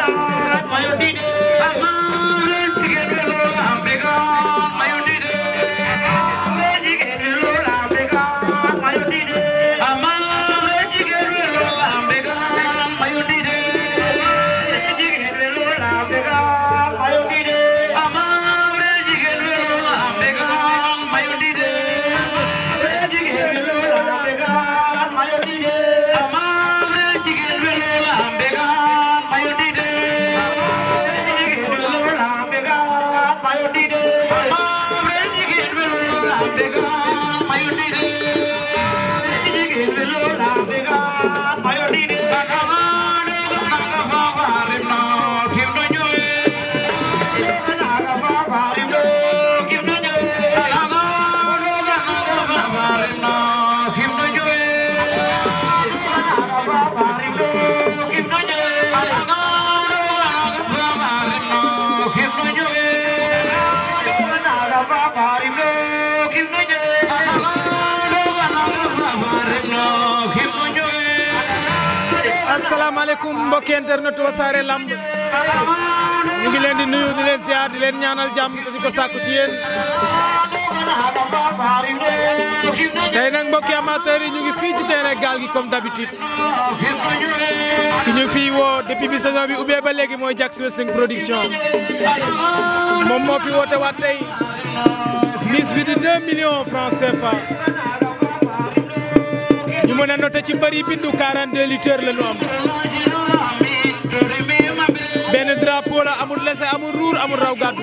Amiga. asalaamaaleykum mbokki internet Wassare Lamb ñu ngi leen di nuyu di leen ziar di leen ñaanal jàmm di ko sàkku ci yéen tey nag mbokki amateurs yi ñu ngi fii ci terrain gaal gi comme d'habitude ki ñu fii woo depuis bi saison bi ubbee ba léegi mooy Diaks Wrestling Production moom moo fi woote waat tey mise bi di 2 millions francs CFA mën a noté ci mbëri bindu 42 lutteurs la ñu am. benn drapeau amul lese amul ruur amul raw gàddu.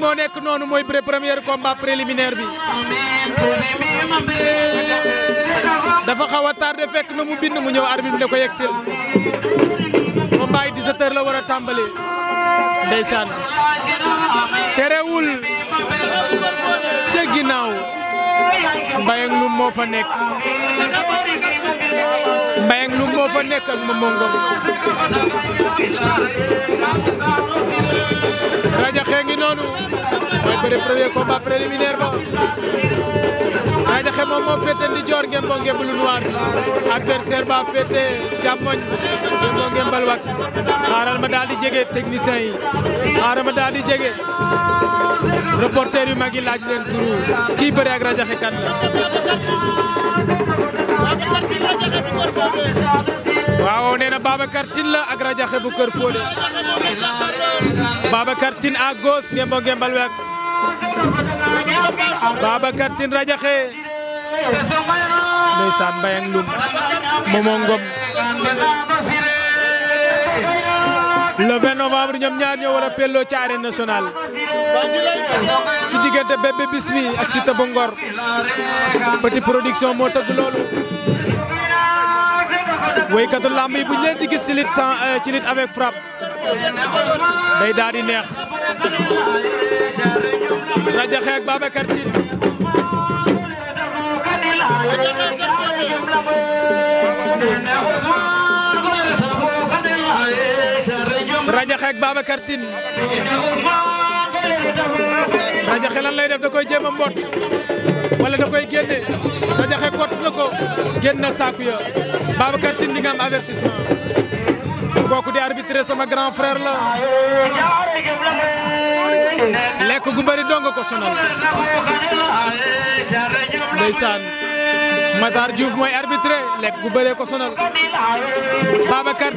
moo nekk noonu mooy pré premier combat préliminaire bi. dafa xaw a tardé fekk na mu bind mu ñëw arbitre ne ko yegsil. combat yi 17 heures la war a tàmbali. ndeysaan terewul ca ginnaaw. Mbayang Loum moo fa nekk Mbayang Loum moo fa nekk ak Momo Ngom Radiakhé ngi noonu mooy bëre premier combat préliminaire ba Radiakhé moom moo féete ndi joor ngeen moo ngeen lu noir bi adversaire ba féete càmmoñ ngeen moo ngeen bal wax xaaral ma daal di jege technicien yi xaaral ma daal di jege reporter yu mag yi laaj leen turu kii ak Radiakhé kan la. waaw nee na Babacar la ak Radiakhé bu Kër Fodé. Babacar Tine à gauche ngembo ngembal wax. Babacar Tine Radiakhé. ndeysaan Mbayang Loum Momo Ngom. le 20 novembre ñoom ñaar ñoo war a pelloo ci arène nationale ci diggante Bébé Bismi ak Siteu bu Ngor Petit Production moo tëgg loolu woykatu làmb yi bu ñu leen ci gis ci lutte sans euh, ci lutte avec frappe day daal di neex rajaxe ak Babacar xeek Babacar Tine Raja Xe lan lay def da koy jéem a mbot wala da koy génne Raja Xe na ko génn na ya Babacar Tine di nga am avertissement kooku di arbitré sama grand frère la lekk gu bëri dong ko sonal ndeysaan Matar arbitré lekk gu bëree ko sonal Babacar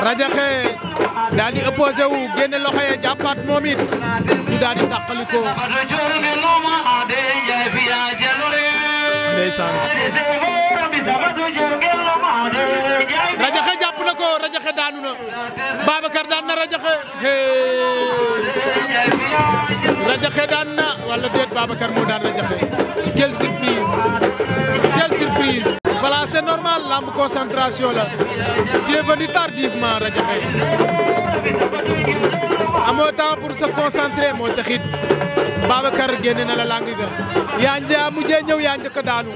rajaxe daal di opposé wu loxo yi jàppaat moom it ñu daal rajaxe jàpp na ko rajaxe daanu na Babacar daan na rajaxe rajaxe daan na wala déet Babacar moo daan rajaxe jël surprise c'est normal lamb concentration la tu es venu tardivement Radia Faye amoo temps pour se concentrer moo taxit génne na la lang ga yaa njëkk a mujjee ñëw yaa njëkk a daanu